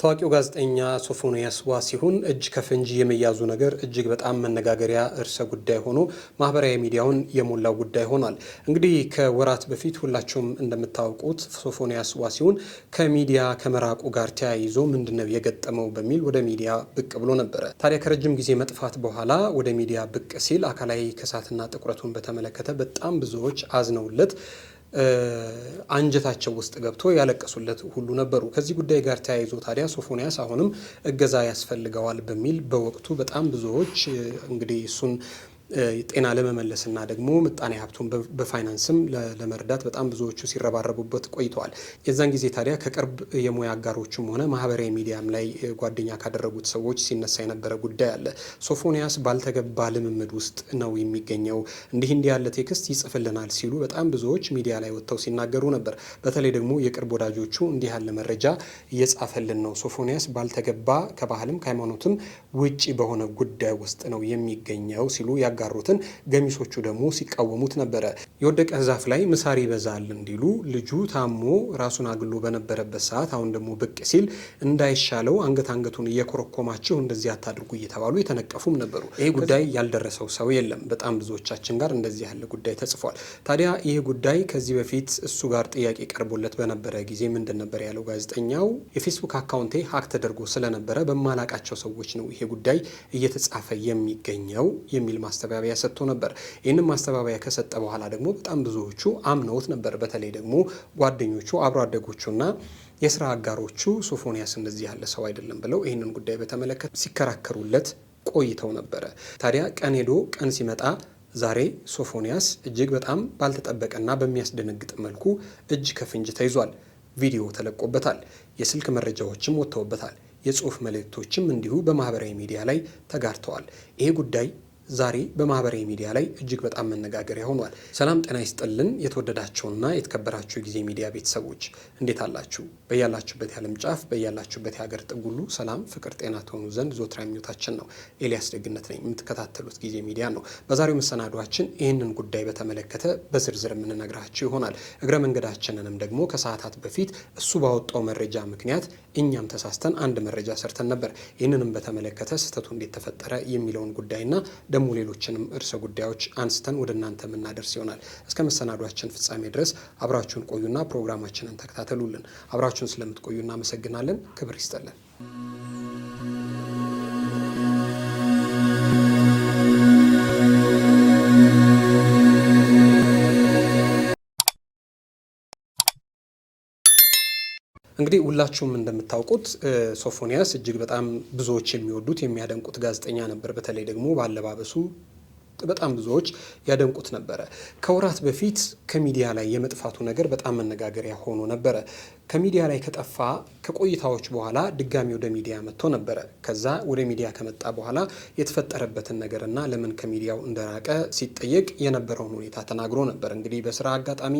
ታዋቂው ጋዜጠኛ ሶፎንያስ ሲሆን እጅ ከፍንጅ የመያዙ ነገር እጅግ በጣም መነጋገሪያ እርሰ ጉዳይ ሆኖ ማህበራዊ ሚዲያውን የሞላው ጉዳይ ሆኗል። እንግዲህ ከወራት በፊት ሁላችሁም እንደምታውቁት ሶፎንያስ ሲሆን ከሚዲያ ከመራቁ ጋር ተያይዞ ምንድነው የገጠመው በሚል ወደ ሚዲያ ብቅ ብሎ ነበረ። ታዲያ ከረጅም ጊዜ መጥፋት በኋላ ወደ ሚዲያ ብቅ ሲል አካላዊ ከሳትና ጥቁረቱን በተመለከተ በጣም ብዙዎች አዝነውለት አንጀታቸው ውስጥ ገብቶ ያለቀሱለት ሁሉ ነበሩ። ከዚህ ጉዳይ ጋር ተያይዞ ታዲያ ሶፎንያስ አሁንም እገዛ ያስፈልገዋል በሚል በወቅቱ በጣም ብዙዎች እንግዲህ እሱን ጤና ለመመለስና ደግሞ ምጣኔ ሀብቱን በፋይናንስም ለመርዳት በጣም ብዙዎቹ ሲረባረቡበት ቆይተዋል። የዛን ጊዜ ታዲያ ከቅርብ የሙያ አጋሮችም ሆነ ማህበራዊ ሚዲያም ላይ ጓደኛ ካደረጉት ሰዎች ሲነሳ የነበረ ጉዳይ አለ። ሶፎንያስ ባልተገባ ልምምድ ውስጥ ነው የሚገኘው፣ እንዲህ እንዲህ ያለ ቴክስት ይጽፍልናል ሲሉ በጣም ብዙዎች ሚዲያ ላይ ወጥተው ሲናገሩ ነበር። በተለይ ደግሞ የቅርብ ወዳጆቹ እንዲህ ያለ መረጃ እየጻፈልን ነው፣ ሶፎንያስ ባልተገባ ከባህልም ከሃይማኖትም ውጪ በሆነ ጉዳይ ውስጥ ነው የሚገኘው ሲሉ ያጋሩትን ገሚሶቹ ደግሞ ሲቃወሙት ነበረ። የወደቀ ዛፍ ላይ ምሳር ይበዛል እንዲሉ ልጁ ታሞ ራሱን አግሎ በነበረበት ሰዓት አሁን ደግሞ ብቅ ሲል እንዳይሻለው አንገት አንገቱን እየኮረኮማችሁ እንደዚህ አታድርጉ እየተባሉ የተነቀፉም ነበሩ። ይህ ጉዳይ ያልደረሰው ሰው የለም። በጣም ብዙዎቻችን ጋር እንደዚህ ያለ ጉዳይ ተጽፏል። ታዲያ ይህ ጉዳይ ከዚህ በፊት እሱ ጋር ጥያቄ ቀርቦለት በነበረ ጊዜ ምንድን ነበር ያለው ጋዜጠኛው? የፌስቡክ አካውንቴ ሀክ ተደርጎ ስለነበረ በማላቃቸው ሰዎች ነው ይሄ ጉዳይ እየተጻፈ የሚገኘው የሚል ማስተ ማስተባበያ ሰጥቶ ነበር። ይህንን ማስተባበያ ከሰጠ በኋላ ደግሞ በጣም ብዙዎቹ አምነውት ነበር። በተለይ ደግሞ ጓደኞቹ፣ አብሮ አደጎቹና የስራ አጋሮቹ ሶፎንያስ እንደዚህ ያለ ሰው አይደለም ብለው ይህንን ጉዳይ በተመለከተ ሲከራከሩለት ቆይተው ነበረ። ታዲያ ቀን ሄዶ ቀን ሲመጣ ዛሬ ሶፎንያስ እጅግ በጣም ባልተጠበቀና በሚያስደነግጥ መልኩ እጅ ከፍንጅ ተይዟል። ቪዲዮ ተለቆበታል። የስልክ መረጃዎችም ወጥተውበታል። የጽሁፍ መልእክቶችም እንዲሁ በማህበራዊ ሚዲያ ላይ ተጋርተዋል። ይሄ ጉዳይ ዛሬ በማህበራዊ ሚዲያ ላይ እጅግ በጣም መነጋገሪያ ሆኗል። ሰላም ጤና ይስጥልን የተወደዳቸውና የተከበራችሁ የጊዜ ሚዲያ ቤተሰቦች እንዴት አላችሁ? በያላችሁበት የዓለም ጫፍ በያላችሁበት የሀገር ጥጉሉ ሰላም፣ ፍቅር፣ ጤና ትሆኑ ዘንድ ዞትራ የሚወታችን ነው። ኤልያስ ደግነት ነኝ። የምትከታተሉት ጊዜ ሚዲያ ነው። በዛሬው መሰናዷችን ይህንን ጉዳይ በተመለከተ በዝርዝር የምንነግራችሁ ይሆናል። እግረ መንገዳችንንም ደግሞ ከሰዓታት በፊት እሱ ባወጣው መረጃ ምክንያት እኛም ተሳስተን አንድ መረጃ ሰርተን ነበር። ይህንንም በተመለከተ ስህተቱ እንዴት ተፈጠረ የሚለውን ጉዳይና ደግሞ ሌሎችንም እርሰ ጉዳዮች አንስተን ወደ እናንተ የምናደርስ ይሆናል። እስከ መሰናዷችን ፍጻሜ ድረስ አብራችሁን ቆዩና ፕሮግራማችንን ተከታተሉልን። አብራችሁን ስለምትቆዩ እናመሰግናለን። ክብር ይስጠለን። እንግዲህ ሁላችሁም እንደምታውቁት ሶፎንያስ እጅግ በጣም ብዙዎች የሚወዱት የሚያደንቁት ጋዜጠኛ ነበር። በተለይ ደግሞ በአለባበሱ በጣም ብዙዎች ያደንቁት ነበረ። ከወራት በፊት ከሚዲያ ላይ የመጥፋቱ ነገር በጣም መነጋገሪያ ሆኖ ነበረ። ከሚዲያ ላይ ከጠፋ ከቆይታዎች በኋላ ድጋሚ ወደ ሚዲያ መጥቶ ነበረ። ከዛ ወደ ሚዲያ ከመጣ በኋላ የተፈጠረበትን ነገርና ለምን ከሚዲያው እንደራቀ ሲጠየቅ የነበረውን ሁኔታ ተናግሮ ነበር። እንግዲህ በስራ አጋጣሚ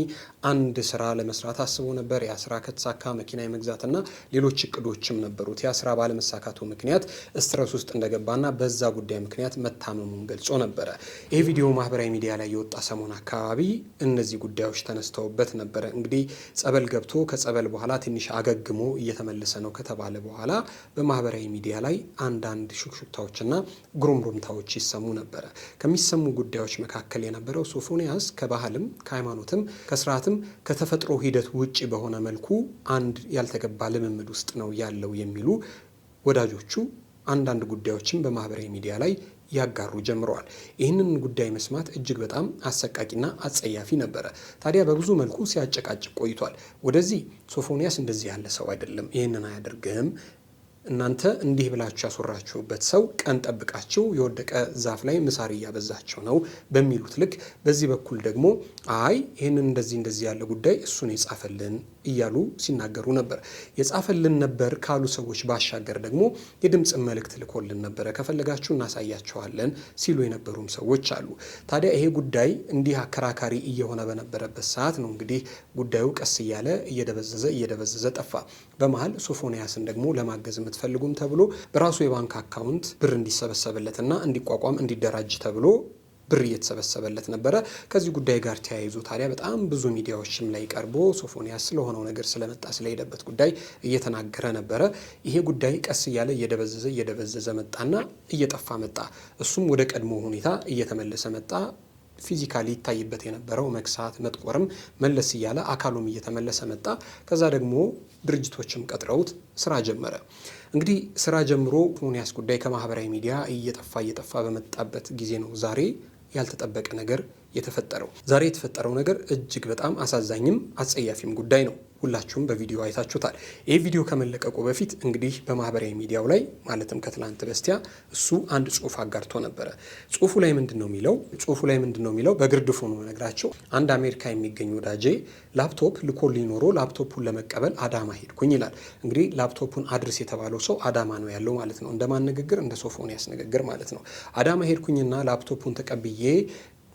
አንድ ስራ ለመስራት አስቦ ነበር። ያ ስራ ከተሳካ መኪና የመግዛትና ሌሎች እቅዶችም ነበሩት። ያ ስራ ባለመሳካቱ ምክንያት ስትረስ ውስጥ እንደገባና በዛ ጉዳይ ምክንያት መታመሙን ገልጾ ነበረ። ይህ ቪዲዮ ማህበራዊ ሚዲያ ላይ የወጣ ሰሞን አካባቢ እነዚህ ጉዳዮች ተነስተውበት ነበረ። እንግዲህ ጸበል ገብቶ ከጸበል በኋላ ትንሽ አገግሞ እየተመለሰ ነው ከተባለ በኋላ በማህበራዊ ሚዲያ ላይ አንዳንድ ሹክሹክታዎችና ጉሩምሩምታዎች ይሰሙ ነበረ። ከሚሰሙ ጉዳዮች መካከል የነበረው ሶፎንያስ ከባህልም ከሃይማኖትም ከስርዓትም ከተፈጥሮ ሂደት ውጭ በሆነ መልኩ አንድ ያልተገባ ልምምድ ውስጥ ነው ያለው የሚሉ ወዳጆቹ አንዳንድ ጉዳዮችን በማህበራዊ ሚዲያ ላይ ያጋሩ ጀምረዋል። ይህንን ጉዳይ መስማት እጅግ በጣም አሰቃቂና አጸያፊ ነበረ። ታዲያ በብዙ መልኩ ሲያጨቃጭቅ ቆይቷል። ወደዚህ ሶፎንያስ እንደዚህ ያለ ሰው አይደለም፣ ይህንን አያደርግህም እናንተ እንዲህ ብላችሁ ያስወራችሁበት ሰው ቀን ጠብቃችሁ የወደቀ ዛፍ ላይ ምሳር እያበዛቸው ነው በሚሉት ልክ፣ በዚህ በኩል ደግሞ አይ ይህንን እንደዚህ እንደዚህ ያለ ጉዳይ እሱን የጻፈልን እያሉ ሲናገሩ ነበር። የጻፈልን ነበር ካሉ ሰዎች ባሻገር ደግሞ የድምፅ መልእክት ልኮልን ነበረ፣ ከፈለጋችሁ እናሳያቸዋለን ሲሉ የነበሩም ሰዎች አሉ። ታዲያ ይሄ ጉዳይ እንዲህ አከራካሪ እየሆነ በነበረበት ሰዓት ነው እንግዲህ ጉዳዩ ቀስ እያለ እየደበዘዘ እየደበዘዘ ጠፋ። በመሀል ሶፎንያስን ደግሞ ለማገዝ አያስፈልጉም ተብሎ በራሱ የባንክ አካውንት ብር እንዲሰበሰብለትና እንዲቋቋም እንዲደራጅ ተብሎ ብር እየተሰበሰበለት ነበረ። ከዚህ ጉዳይ ጋር ተያይዞ ታዲያ በጣም ብዙ ሚዲያዎችም ላይ ቀርቦ ሶፎንያስ ስለሆነው ነገር ስለመጣ ስለሄደበት ጉዳይ እየተናገረ ነበረ። ይሄ ጉዳይ ቀስ እያለ እየደበዘዘ እየደበዘዘ መጣና እየጠፋ መጣ። እሱም ወደ ቀድሞ ሁኔታ እየተመለሰ መጣ። ፊዚካሊ ይታይበት የነበረው መክሳት፣ መጥቆርም መለስ እያለ አካሉም እየተመለሰ መጣ። ከዛ ደግሞ ድርጅቶችም ቀጥረውት ስራ ጀመረ። እንግዲህ ስራ ጀምሮ ኡንያስ ጉዳይ ከማህበራዊ ሚዲያ እየጠፋ እየጠፋ በመጣበት ጊዜ ነው ዛሬ ያልተጠበቀ ነገር የተፈጠረው። ዛሬ የተፈጠረው ነገር እጅግ በጣም አሳዛኝም አጸያፊም ጉዳይ ነው። ሁላችሁም በቪዲዮ አይታችሁታል። ይህ ቪዲዮ ከመለቀቁ በፊት እንግዲህ በማህበራዊ ሚዲያው ላይ ማለትም ከትላንት በስቲያ እሱ አንድ ጽሁፍ አጋርቶ ነበረ። ጽሁፉ ላይ ምንድን ነው የሚለው? ጽሁፉ ላይ ምንድን ነው የሚለው? በግርድፉ ነው ነግራቸው። አንድ አሜሪካ የሚገኝ ወዳጄ ላፕቶፕ ልኮልኝ ሊኖሮ ላፕቶፑን ለመቀበል አዳማ ሄድኩኝ ይላል። እንግዲህ ላፕቶፑን አድርስ የተባለው ሰው አዳማ ነው ያለው ማለት ነው። እንደማን ንግግር፣ እንደ ሶፎን ያስንግግር ማለት ነው። አዳማ ሄድኩኝና ላፕቶፑን ተቀብዬ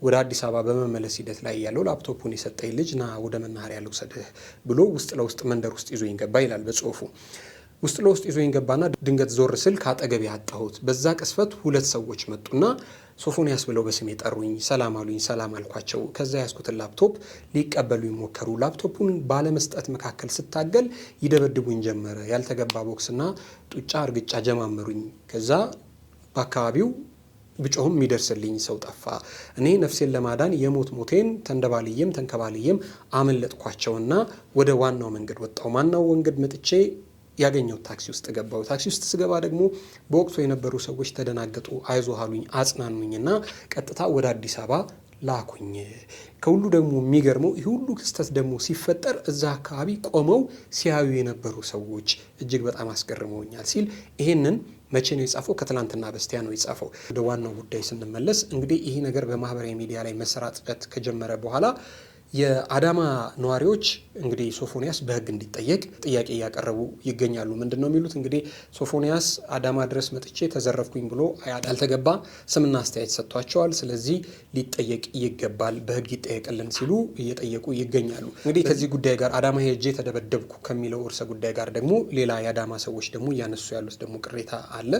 ወደ አዲስ አበባ በመመለስ ሂደት ላይ ያለው ላፕቶፑን የሰጠኝ ልጅ ና ወደ መናኸሪያ ልውሰድህ ብሎ ውስጥ ለውስጥ መንደር ውስጥ ይዞ ይንገባ ይላል በጽሁፉ። ውስጥ ለውስጥ ይዞ ይገባና ድንገት ዞር ስል ከአጠገብ ያጣሁት በዛ ቅስፈት ሁለት ሰዎች መጡና ሶፎንያስ ብለው በስሜ ጠሩኝ። ሰላም አሉኝ። ሰላም አልኳቸው። ከዛ ያስኩትን ላፕቶፕ ሊቀበሉ ይሞከሩ። ላፕቶፑን ባለመስጠት መካከል ስታገል ይደበድቡኝ ጀመረ። ያልተገባ ቦክስና ጡጫ እርግጫ ጀማመሩኝ። ከዛ በአካባቢው ብጮህም የሚደርስልኝ ሰው ጠፋ። እኔ ነፍሴን ለማዳን የሞት ሞቴን ተንደባልዬም ተንከባልዬም አመለጥኳቸውና ወደ ዋናው መንገድ ወጣው። ማናው መንገድ መጥቼ ያገኘው ታክሲ ውስጥ ገባው። ታክሲ ውስጥ ስገባ ደግሞ በወቅቱ የነበሩ ሰዎች ተደናገጡ፣ አይዞህ አሉኝ፣ አጽናኑኝና ቀጥታ ወደ አዲስ አበባ ላኩኝ። ከሁሉ ደግሞ የሚገርመው ይህ ሁሉ ክስተት ደግሞ ሲፈጠር እዛ አካባቢ ቆመው ሲያዩ የነበሩ ሰዎች እጅግ በጣም አስገርመውኛል ሲል ይህንን መቼ ነው የጻፈው? ከትላንትና በስቲያ ነው የጻፈው። ወደ ዋናው ጉዳይ ስንመለስ እንግዲህ ይህ ነገር በማህበራዊ ሚዲያ ላይ መሰራጨት ከጀመረ በኋላ የአዳማ ነዋሪዎች እንግዲህ ሶፎንያስ በህግ እንዲጠየቅ ጥያቄ እያቀረቡ ይገኛሉ። ምንድን ነው የሚሉት? እንግዲህ ሶፎንያስ አዳማ ድረስ መጥቼ ተዘረፍኩኝ ብሎ ያልተገባ ስምና አስተያየት ሰጥቷቸዋል። ስለዚህ ሊጠየቅ ይገባል፣ በህግ ይጠየቅልን ሲሉ እየጠየቁ ይገኛሉ። እንግዲህ ከዚህ ጉዳይ ጋር አዳማ ሄጄ ተደበደብኩ ከሚለው እርሰ ጉዳይ ጋር ደግሞ ሌላ የአዳማ ሰዎች ደግሞ እያነሱ ያሉት ደግሞ ቅሬታ አለ።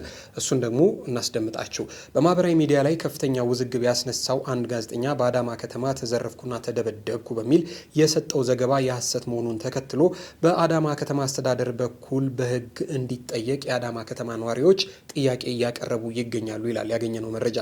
እሱን ደግሞ እናስደምጣቸው። በማህበራዊ ሚዲያ ላይ ከፍተኛ ውዝግብ ያስነሳው አንድ ጋዜጠኛ በአዳማ ከተማ ተዘረፍኩና ተደበደብ አደረግኩ በሚል የሰጠው ዘገባ የሐሰት መሆኑን ተከትሎ በአዳማ ከተማ አስተዳደር በኩል በሕግ እንዲጠየቅ የአዳማ ከተማ ነዋሪዎች ጥያቄ እያቀረቡ ይገኛሉ ይላል ያገኘነው መረጃ።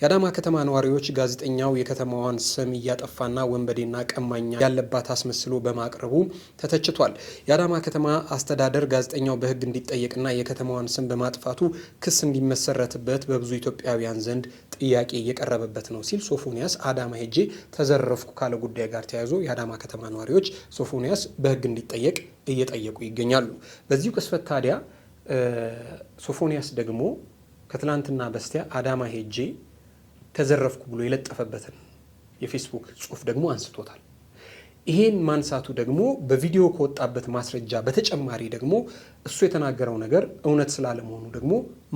የአዳማ ከተማ ነዋሪዎች ጋዜጠኛው የከተማዋን ስም እያጠፋና ወንበዴና ቀማኛ ያለባት አስመስሎ በማቅረቡ ተተችቷል። የአዳማ ከተማ አስተዳደር ጋዜጠኛው በሕግ እንዲጠየቅና የከተማዋን ስም በማጥፋቱ ክስ እንዲመሰረትበት በብዙ ኢትዮጵያውያን ዘንድ ጥያቄ እየቀረበበት ነው ሲል ሶፎንያስ አዳማ ሄጄ ተዘረፍኩ ካለ ጉዳይ ጋር ጋር ተያይዞ የአዳማ ከተማ ነዋሪዎች ሶፎንያስ በህግ እንዲጠየቅ እየጠየቁ ይገኛሉ። በዚሁ ቅስፈት ታዲያ ሶፎንያስ ደግሞ ከትላንትና በስቲያ አዳማ ሄጄ ተዘረፍኩ ብሎ የለጠፈበትን የፌስቡክ ጽሑፍ ደግሞ አንስቶታል። ይሄን ማንሳቱ ደግሞ በቪዲዮ ከወጣበት ማስረጃ በተጨማሪ ደግሞ እሱ የተናገረው ነገር እውነት ስላለመሆኑ ደግሞ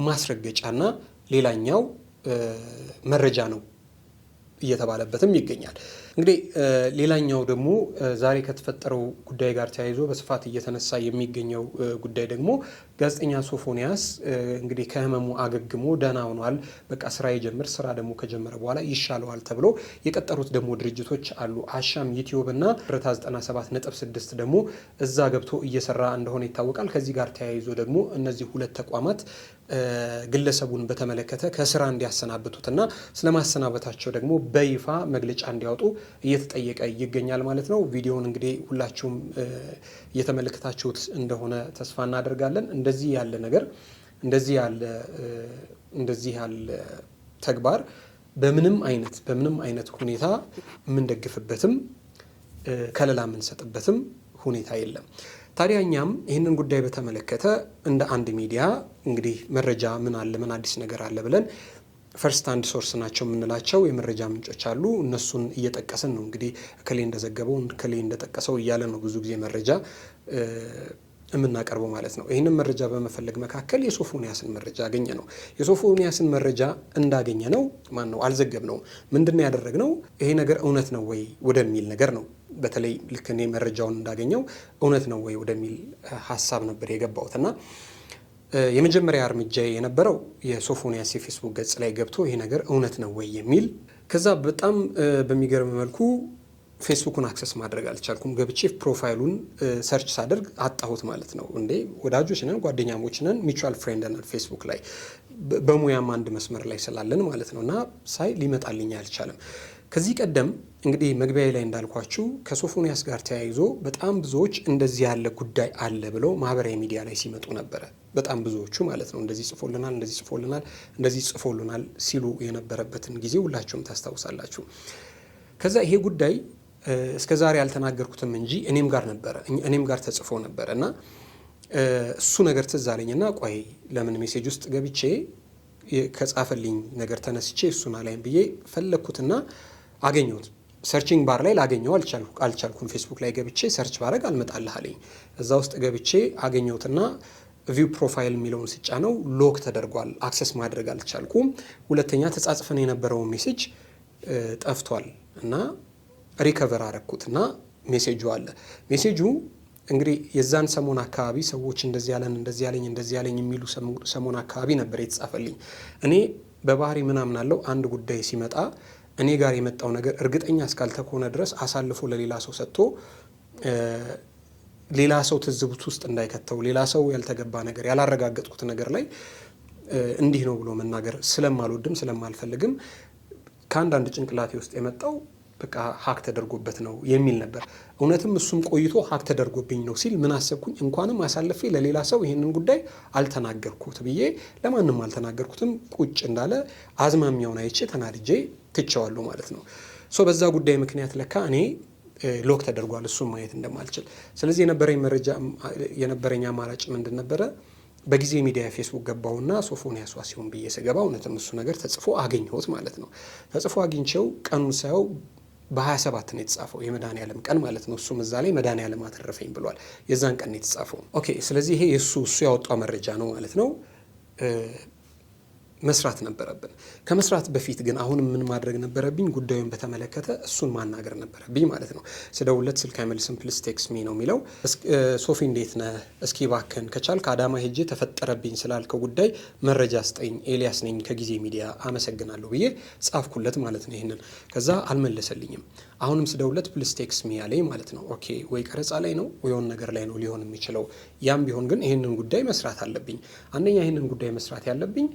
ማስረገጫና ሌላኛው መረጃ ነው እየተባለበትም ይገኛል። እንግዲህ ሌላኛው ደግሞ ዛሬ ከተፈጠረው ጉዳይ ጋር ተያይዞ በስፋት እየተነሳ የሚገኘው ጉዳይ ደግሞ ጋዜጠኛ ሶፎንያስ እንግዲህ ከህመሙ አገግሞ ደህና ሆኗል። በቃ ስራ ይጀምር፣ ስራ ደግሞ ከጀመረ በኋላ ይሻለዋል ተብሎ የቀጠሩት ደግሞ ድርጅቶች አሉ። አሻም ዩቲዩብ እና ብረታ 97.6 ደግሞ እዛ ገብቶ እየሰራ እንደሆነ ይታወቃል። ከዚህ ጋር ተያይዞ ደግሞ እነዚህ ሁለት ተቋማት ግለሰቡን በተመለከተ ከስራ እንዲያሰናብቱትና ስለማሰናበታቸው ደግሞ በይፋ መግለጫ እንዲያወጡ እየተጠየቀ ይገኛል ማለት ነው። ቪዲዮውን እንግዲህ ሁላችሁም እየተመለከታችሁት እንደሆነ ተስፋ እናደርጋለን። እንደዚህ ያለ ነገር እንደዚህ ያለ እንደዚህ ያለ ተግባር በምንም አይነት በምንም አይነት ሁኔታ የምንደግፍበትም ከለላ የምንሰጥበትም ሁኔታ የለም። ታዲያ እኛም ይህንን ጉዳይ በተመለከተ እንደ አንድ ሚዲያ እንግዲህ መረጃ ምን አለ ምን አዲስ ነገር አለ ብለን ፈርስት አንድ ሶርስ ናቸው የምንላቸው የመረጃ ምንጮች አሉ። እነሱን እየጠቀስን ነው እንግዲህ ከሌ እንደዘገበው ከሌ እንደጠቀሰው እያለ ነው ብዙ ጊዜ መረጃ የምናቀርበው ማለት ነው። ይህንን መረጃ በመፈለግ መካከል የሶፎንያስን መረጃ አገኘ ነው። የሶፎንያስን መረጃ እንዳገኘ ነው ማን ነው አልዘገብ ነው ምንድን ነው ይሄ ነገር እውነት ነው ወይ ወደሚል ነገር ነው። በተለይ ልክ እኔ መረጃውን እንዳገኘው እውነት ነው ወይ ወደሚል ሀሳብ ነበር የገባሁት እና የመጀመሪያ እርምጃ የነበረው የሶፎንያስ የፌስቡክ ገጽ ላይ ገብቶ ይሄ ነገር እውነት ነው ወይ የሚል ከዛ በጣም በሚገርም መልኩ ፌስቡኩን አክሰስ ማድረግ አልቻልኩም። ገብቼ ፕሮፋይሉን ሰርች ሳደርግ አጣሁት ማለት ነው። እንዴ ወዳጆች ነን፣ ጓደኛሞች ነን፣ ሚቹዋል ፍሬንድ ነን ፌስቡክ ላይ በሙያም አንድ መስመር ላይ ስላለን ማለት ነው እና ሳይ ሊመጣልኝ አልቻለም። ከዚህ ቀደም እንግዲህ መግቢያ ላይ እንዳልኳችሁ ከሶፎንያስ ጋር ተያይዞ በጣም ብዙዎች እንደዚህ ያለ ጉዳይ አለ ብለው ማህበራዊ ሚዲያ ላይ ሲመጡ ነበረ። በጣም ብዙዎቹ ማለት ነው እንደዚህ ጽፎልናል፣ እንደዚህ ጽፎልናል፣ እንደዚህ ጽፎልናል ሲሉ የነበረበትን ጊዜ ሁላችሁም ታስታውሳላችሁ። ከዛ ይሄ ጉዳይ እስከ ዛሬ ያልተናገርኩትም እንጂ እኔም ጋር ነበረ እኔም ጋር ተጽፎ ነበረ እና እሱ ነገር ትዝ አለኝና ቆይ ለምን ሜሴጅ ውስጥ ገብቼ ከጻፈልኝ ነገር ተነስቼ እሱን አላይም ብዬ ፈለግኩትና አገኘሁት። ሰርቺንግ ባር ላይ ላገኘው አልቻልኩም። ፌስቡክ ላይ ገብቼ ሰርች ባረግ አልመጣልህ አለኝ። እዛ ውስጥ ገብቼ አገኘሁትና ቪው ፕሮፋይል የሚለውን ስጫነው ሎክ ተደርጓል። አክሰስ ማድረግ አልቻልኩም። ሁለተኛ ተጻጽፈን የነበረውን ሜሴጅ ጠፍቷል እና ሪከቨር አረኩት እና ሜሴጁ አለ። ሜሴጁ እንግዲህ የዛን ሰሞን አካባቢ ሰዎች እንደዚህ ያለን እንደዚህ ያለኝ እንደዚህ ያለኝ የሚሉ ሰሞን አካባቢ ነበር የተጻፈልኝ። እኔ በባህሪ ምናምን አለው አንድ ጉዳይ ሲመጣ እኔ ጋር የመጣው ነገር እርግጠኛ እስካልተሆነ ድረስ አሳልፎ ለሌላ ሰው ሰጥቶ ሌላ ሰው ትዝብት ውስጥ እንዳይከተው ሌላ ሰው ያልተገባ ነገር ያላረጋገጥኩት ነገር ላይ እንዲህ ነው ብሎ መናገር ስለማልወድም ስለማልፈልግም ከአንዳንድ ጭንቅላቴ ውስጥ የመጣው በቃ ሀክ ተደርጎበት ነው የሚል ነበር። እውነትም እሱም ቆይቶ ሀክ ተደርጎብኝ ነው ሲል ምን አሰብኩኝ፣ እንኳንም አሳልፌ ለሌላ ሰው ይህንን ጉዳይ አልተናገርኩት ብዬ ለማንም አልተናገርኩትም። ቁጭ እንዳለ አዝማሚያውን አይቼ ተናድጄ ትቸዋለሁ ማለት ነው። ሶ በዛ ጉዳይ ምክንያት ለካ እኔ ሎክ ተደርጓል፣ እሱም ማየት እንደማልችል። ስለዚህ የነበረኝ መረጃ የነበረኝ አማራጭ ምንድን ነበረ? በጊዜ ሚዲያ ፌስቡክ ገባውና ሶፎንያስ ዋሲሁን ብዬ ስገባ እውነትም እሱ ነገር ተጽፎ አገኘሁት ማለት ነው። ተጽፎ አግኝቼው ቀኑን ሳየው በ27 ነው የተጻፈው የመድኃኔ ዓለም ቀን ማለት ነው። እሱም እዛ ላይ መድኃኔ ዓለም አተረፈኝ ብሏል። የዛን ቀን ነው የተጻፈው። ኦኬ። ስለዚህ ይሄ የእሱ እሱ ያወጣው መረጃ ነው ማለት ነው። መስራት ነበረብን። ከመስራት በፊት ግን አሁን ምን ማድረግ ነበረብኝ? ጉዳዩን በተመለከተ እሱን ማናገር ነበረብኝ ማለት ነው። ስደውልለት ስልክ አይመልስም። ፕሊስ ቴክስት ሚ ነው የሚለው። ሶፊ እንዴት ነ? እስኪ ባክን ከቻል አዳማ ሄጄ ተፈጠረብኝ ስላልከው ጉዳይ መረጃ ስጠኝ። ኤልያስ ነኝ ከጊዜ ሚዲያ አመሰግናለሁ ብዬ ጻፍኩለት ማለት ነው። ይህንን ከዛ አልመለሰልኝም። አሁንም ስደውለት ፕሊስ ቴክስት ሚ ያለኝ ማለት ነው። ኦኬ ወይ ቀረጻ ላይ ነው ወይሆን ነገር ላይ ነው ሊሆን የሚችለው። ያም ቢሆን ግን ይህንን ጉዳይ መስራት አለብኝ። አንደኛ ይህንን ጉዳይ መስራት ያለብኝ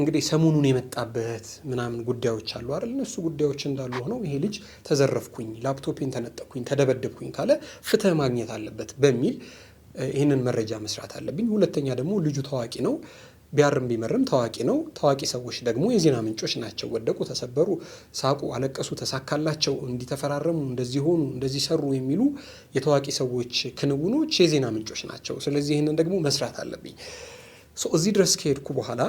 እንግዲህ ሰሞኑን የመጣበት ምናምን ጉዳዮች አሉ አይደል? እነሱ ጉዳዮች እንዳሉ ሆነው ይሄ ልጅ ተዘረፍኩኝ፣ ላፕቶፔን ተነጠቅኩኝ፣ ተደበደብኩኝ ካለ ፍትህ ማግኘት አለበት በሚል ይህንን መረጃ መስራት አለብኝ። ሁለተኛ ደግሞ ልጁ ታዋቂ ነው፣ ቢያርም ቢመርም ታዋቂ ነው። ታዋቂ ሰዎች ደግሞ የዜና ምንጮች ናቸው። ወደቁ፣ ተሰበሩ፣ ሳቁ፣ አለቀሱ፣ ተሳካላቸው፣ እንዲተፈራረሙ፣ እንደዚህ ሆኑ፣ እንደዚህ ሰሩ የሚሉ የታዋቂ ሰዎች ክንውኖች የዜና ምንጮች ናቸው። ስለዚህ ይህንን ደግሞ መስራት አለብኝ። እዚህ ድረስ ከሄድኩ በኋላ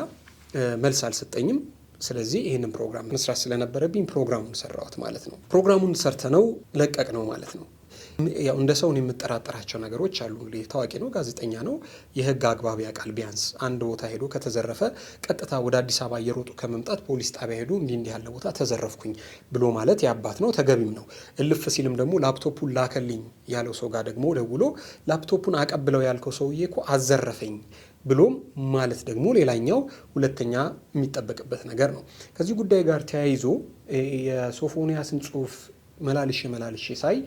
መልስ አልሰጠኝም። ስለዚህ ይህንን ፕሮግራም መስራት ስለነበረብኝ ፕሮግራሙን ሰራሁት ማለት ነው። ፕሮግራሙን ሰርተ ነው ለቀቅ ነው ማለት ነው። ያው እንደ ሰውን የምጠራጠራቸው ነገሮች አሉ። ታዋቂ ነው፣ ጋዜጠኛ ነው፣ የህግ አግባብ ያውቃል። ቢያንስ አንድ ቦታ ሄዶ ከተዘረፈ ቀጥታ ወደ አዲስ አበባ እየሮጡ ከመምጣት ፖሊስ ጣቢያ ሄዶ እንዲህ እንዲህ ያለ ቦታ ተዘረፍኩኝ ብሎ ማለት የአባት ነው፣ ተገቢም ነው። እልፍ ሲልም ደግሞ ላፕቶፑን ላከልኝ ያለው ሰው ጋር ደግሞ ደውሎ ላፕቶፑን አቀብለው ያልከው ሰውዬ እኮ አዘረፈኝ ብሎም ማለት ደግሞ ሌላኛው ሁለተኛ የሚጠበቅበት ነገር ነው። ከዚህ ጉዳይ ጋር ተያይዞ የሶፎንያስን ጽሁፍ መላልሼ መላልሼ ሳይ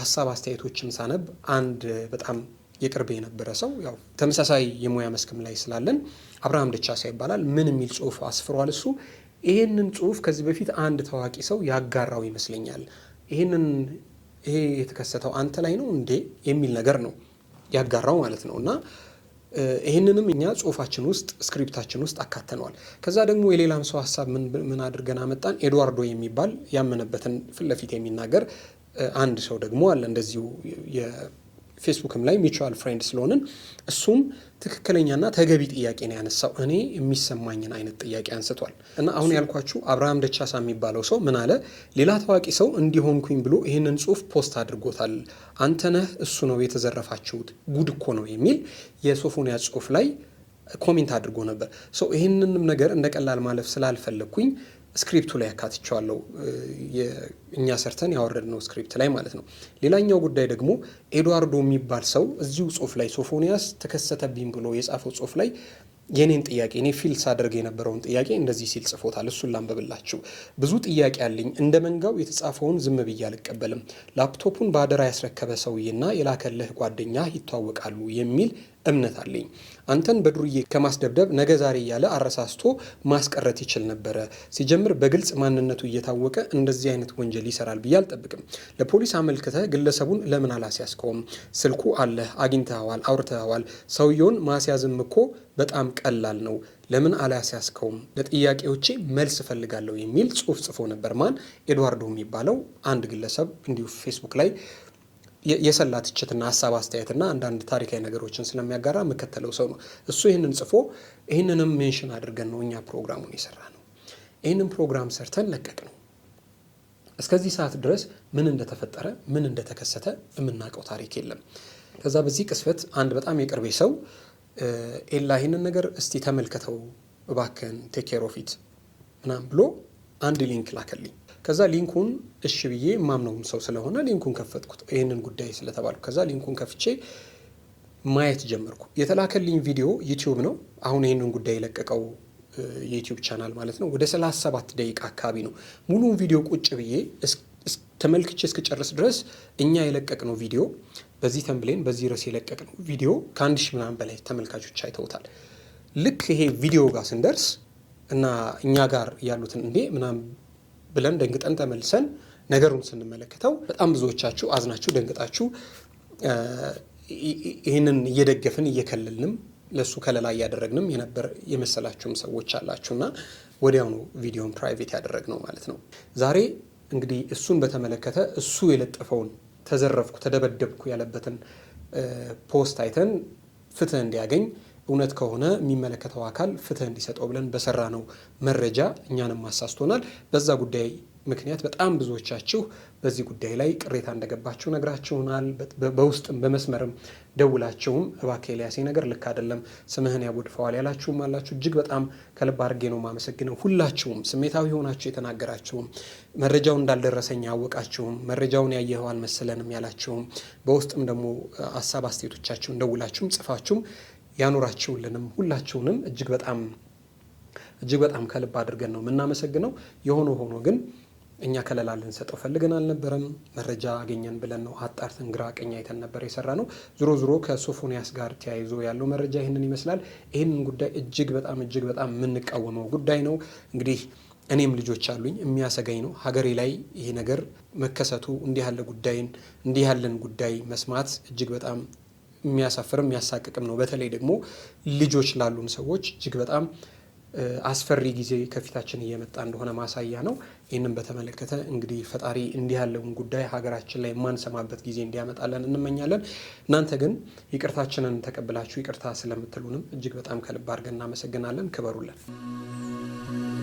ሀሳብ አስተያየቶችም ሳነብ አንድ በጣም የቅርብ የነበረ ሰው ያው ተመሳሳይ የሙያ መስክም ላይ ስላለን አብርሃም ደቻሳ ይባላል። ምን የሚል ጽሁፍ አስፍሯል? እሱ ይህንን ጽሁፍ ከዚህ በፊት አንድ ታዋቂ ሰው ያጋራው ይመስለኛል። ይህንን ይሄ የተከሰተው አንተ ላይ ነው እንዴ የሚል ነገር ነው ያጋራው ማለት ነው እና ይህንንም እኛ ጽሁፋችን ውስጥ ስክሪፕታችን ውስጥ አካተነዋል። ከዛ ደግሞ የሌላም ሰው ሀሳብ ምን አድርገን አመጣን። ኤድዋርዶ የሚባል ያመነበትን ፊት ለፊት የሚናገር አንድ ሰው ደግሞ አለ እንደዚሁ ፌስቡክም ላይ ሚቹዋል ፍሬንድ ስለሆንን እሱም ትክክለኛና ተገቢ ጥያቄ ነው ያነሳው። እኔ የሚሰማኝን አይነት ጥያቄ አንስቷል እና አሁን ያልኳችሁ አብርሃም ደቻሳ የሚባለው ሰው ምን አለ? ሌላ ታዋቂ ሰው እንዲሆንኩኝ ብሎ ይህንን ጽሁፍ ፖስት አድርጎታል። አንተነህ እሱ ነው የተዘረፋችሁት፣ ጉድ እኮ ነው የሚል የሶፎንያ ጽሁፍ ላይ ኮሜንት አድርጎ ነበር። ሰው ይህንንም ነገር እንደ ቀላል ማለፍ ስላልፈለግኩኝ ስክሪፕቱ ላይ ያካትቸዋለሁ እኛ ሰርተን ያወረድነው ስክሪፕት ላይ ማለት ነው። ሌላኛው ጉዳይ ደግሞ ኤድዋርዶ የሚባል ሰው እዚሁ ጽሁፍ ላይ ሶፎንያስ ተከሰተብኝ ብሎ የጻፈው ጽሁፍ ላይ የኔን ጥያቄ እኔ ፊል ሳደርግ የነበረውን ጥያቄ እንደዚህ ሲል ጽፎታል። እሱን ላንበብላችሁ። ብዙ ጥያቄ አለኝ። እንደ መንጋው የተጻፈውን ዝም ብዬ አልቀበልም። ላፕቶፑን በአደራ ያስረከበ ሰውዬና የላከልህ ጓደኛ ይተዋወቃሉ የሚል እምነት አለኝ። አንተን በዱርዬ ከማስደብደብ ነገ ዛሬ እያለ አረሳስቶ ማስቀረት ይችል ነበረ። ሲጀምር በግልጽ ማንነቱ እየታወቀ እንደዚህ አይነት ወንጀል ይሰራል ብዬ አልጠብቅም። ለፖሊስ አመልክተህ ግለሰቡን ለምን አላስያዝከውም? ስልኩ አለህ፣ አግኝተኸዋል፣ አውርተኸዋል። ሰውየውን ማስያዝም እኮ በጣም ቀላል ነው። ለምን አላስያዝከውም? ለጥያቄዎቼ መልስ እፈልጋለሁ የሚል ጽሁፍ ጽፎ ነበር። ማን ኤድዋርዶ የሚባለው አንድ ግለሰብ እንዲሁ ፌስቡክ ላይ የሰላ ትችትና ሀሳብ አስተያየትና አንዳንድ ታሪካዊ ነገሮችን ስለሚያጋራ የምከተለው ሰው ነው። እሱ ይህንን ጽፎ ይህንንም ሜንሽን አድርገን ነው እኛ ፕሮግራሙን የሰራ ነው። ይህንን ፕሮግራም ሰርተን ለቀቅ ነው። እስከዚህ ሰዓት ድረስ ምን እንደተፈጠረ ምን እንደተከሰተ የምናውቀው ታሪክ የለም። ከዛ በዚህ ቅስፈት አንድ በጣም የቅርቤ ሰው ኤላ ይህንን ነገር እስቲ ተመልከተው እባክን ቴክ ኬር ኦፍ ኢት ምናም ብሎ አንድ ሊንክ ላከልኝ። ከዛ ሊንኩን እሺ ብዬ ማምነውም ሰው ስለሆነ ሊንኩን ከፈትኩት ይህንን ጉዳይ ስለተባልኩ። ከዛ ሊንኩን ከፍቼ ማየት ጀመርኩ። የተላከልኝ ቪዲዮ ዩቲዩብ ነው። አሁን ይህንን ጉዳይ የለቀቀው የዩቲዩብ ቻናል ማለት ነው። ወደ 37 ደቂቃ አካባቢ ነው ሙሉውን ቪዲዮ ቁጭ ብዬ ተመልክቼ እስክጨርስ ድረስ እኛ የለቀቅነው ቪዲዮ በዚህ ተንብሌን በዚህ ርዕስ የለቀቅነው ቪዲዮ ከአንድ ሺህ ምናምን በላይ ተመልካቾች አይተውታል። ልክ ይሄ ቪዲዮ ጋር ስንደርስ እና እኛ ጋር ያሉትን እንዴ ምናምን ብለን ደንግጠን ተመልሰን ነገሩን ስንመለከተው በጣም ብዙዎቻችሁ አዝናችሁ ደንግጣችሁ ይህንን እየደገፍን እየከለልንም ለእሱ ከለላ እያደረግንም የነበር የመሰላችሁም ሰዎች አላችሁና ወዲያውኑ ቪዲዮን ፕራይቬት ያደረግነው ማለት ነው። ዛሬ እንግዲህ እሱን በተመለከተ እሱ የለጠፈውን ተዘረፍኩ፣ ተደበደብኩ ያለበትን ፖስት አይተን ፍትህ እንዲያገኝ እውነት ከሆነ የሚመለከተው አካል ፍትህ እንዲሰጠው ብለን በሰራ ነው መረጃ እኛንም አሳስቶናል። በዛ ጉዳይ ምክንያት በጣም ብዙዎቻችሁ በዚህ ጉዳይ ላይ ቅሬታ እንደገባችሁ ነግራችሁናል። በውስጥም በመስመርም ደውላችሁም እባክህ ነገር ልክ አይደለም፣ ስምህን ያጎድፈዋል ያላችሁም አላችሁ። እጅግ በጣም ከልብ አድርጌ ነው የማመሰግነው። ሁላችሁም ስሜታዊ ሆናችሁ የተናገራችሁም፣ መረጃውን እንዳልደረሰኝ ያወቃችሁም፣ መረጃውን ያየኸው አልመሰለንም ያላችሁም፣ በውስጥም ደግሞ ሀሳብ አስተያየቶቻችሁን ደውላችሁም ጽፋችሁም ያኖራቸውልንም ሁላችሁንም እጅግ በጣም እጅግ በጣም ከልብ አድርገን ነው የምናመሰግነው። የሆነ ሆኖ ግን እኛ ከለላ ልንሰጠው ፈልገን አልነበረም። መረጃ አገኘን ብለን ነው አጣርተን ግራ ቀኝ አይተን ነበር የሰራ ነው። ዞሮ ዞሮ ከሶፎንያስ ጋር ተያይዞ ያለው መረጃ ይህንን ይመስላል። ይህንን ጉዳይ እጅግ በጣም እጅግ በጣም የምንቃወመው ጉዳይ ነው። እንግዲህ እኔም ልጆች አሉኝ፣ የሚያሰጋኝ ነው ሀገሬ ላይ ይሄ ነገር መከሰቱ። እንዲህ ያለ ጉዳይን እንዲህ ያለን ጉዳይ መስማት እጅግ በጣም የሚያሳፍርም የሚያሳቅቅም ነው። በተለይ ደግሞ ልጆች ላሉን ሰዎች እጅግ በጣም አስፈሪ ጊዜ ከፊታችን እየመጣ እንደሆነ ማሳያ ነው። ይህንም በተመለከተ እንግዲህ ፈጣሪ እንዲህ ያለውን ጉዳይ ሀገራችን ላይ የማንሰማበት ጊዜ እንዲያመጣለን እንመኛለን። እናንተ ግን ይቅርታችንን ተቀብላችሁ ይቅርታ ስለምትሉንም እጅግ በጣም ከልብ አድርገን እናመሰግናለን። ክበሩልን።